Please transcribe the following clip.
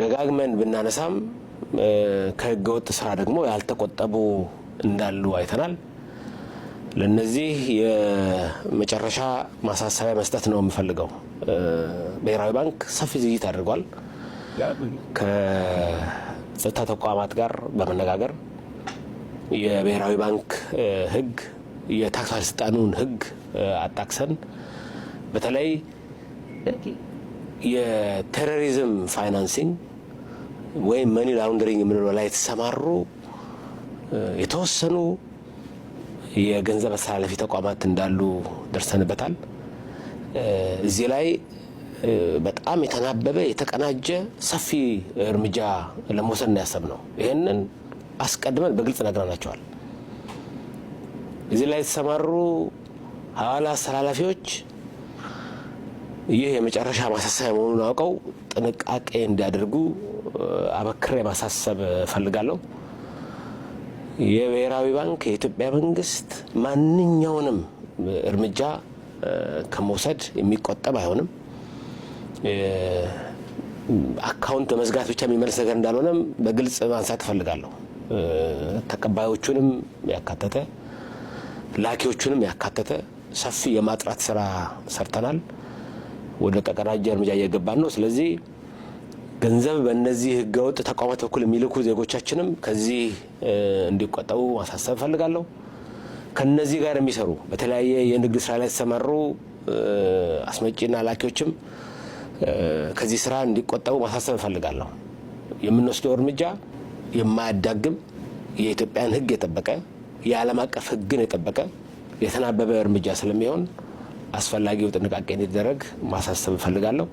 ደጋግመን ብናነሳም ከህገወጥ ስራ ደግሞ ያልተቆጠቡ እንዳሉ አይተናል። ለነዚህ የመጨረሻ ማሳሰቢያ መስጠት ነው የምፈልገው። ብሔራዊ ባንክ ሰፊ ዝግጅት አድርጓል። ከጸጥታ ተቋማት ጋር በመነጋገር የብሔራዊ ባንክ ህግ፣ የታክስ ባለስልጣኑን ህግ አጣቅሰን በተለይ የቴሮሪዝም ፋይናንሲንግ ወይም መኒ ላውንደሪንግ የምንለው ላይ የተሰማሩ የተወሰኑ የገንዘብ አስተላለፊ ተቋማት እንዳሉ ደርሰንበታል። እዚህ ላይ በጣም የተናበበ የተቀናጀ ሰፊ እርምጃ ለመውሰድ ነው ያሰብነው። ይህንን አስቀድመን በግልጽ ነግረናቸዋል። እዚህ ላይ የተሰማሩ ሀዋላ አስተላላፊዎች ይህ የመጨረሻ ማሳሰቢያ መሆኑን አውቀው ጥንቃቄ እንዲያደርጉ አበክሬ ማሳሰብ እፈልጋለሁ። የብሔራዊ ባንክ የኢትዮጵያ መንግስት ማንኛውንም እርምጃ ከመውሰድ የሚቆጠብ አይሆንም። አካውንት በመዝጋት ብቻ የሚመልስ ነገር እንዳልሆነም በግልጽ ማንሳት እፈልጋለሁ። ተቀባዮቹንም ያካተተ ላኪዎቹንም ያካተተ ሰፊ የማጥራት ስራ ሰርተናል። ወደ ተቀናጀ እርምጃ እየገባን ነው። ስለዚህ ገንዘብ በእነዚህ ህገወጥ ተቋማት በኩል የሚልኩ ዜጎቻችንም ከዚህ እንዲቆጠቡ ማሳሰብ እፈልጋለሁ። ከነዚህ ጋር የሚሰሩ በተለያየ የንግድ ስራ ላይ የተሰማሩ አስመጪና ላኪዎችም ከዚህ ስራ እንዲቆጠቡ ማሳሰብ እፈልጋለሁ። የምንወስደው እርምጃ የማያዳግም የኢትዮጵያን ህግ የጠበቀ የዓለም አቀፍ ህግን የጠበቀ የተናበበ እርምጃ ስለሚሆን አስፈላጊው ጥንቃቄ እንዲደረግ ማሳሰብ እፈልጋለሁ።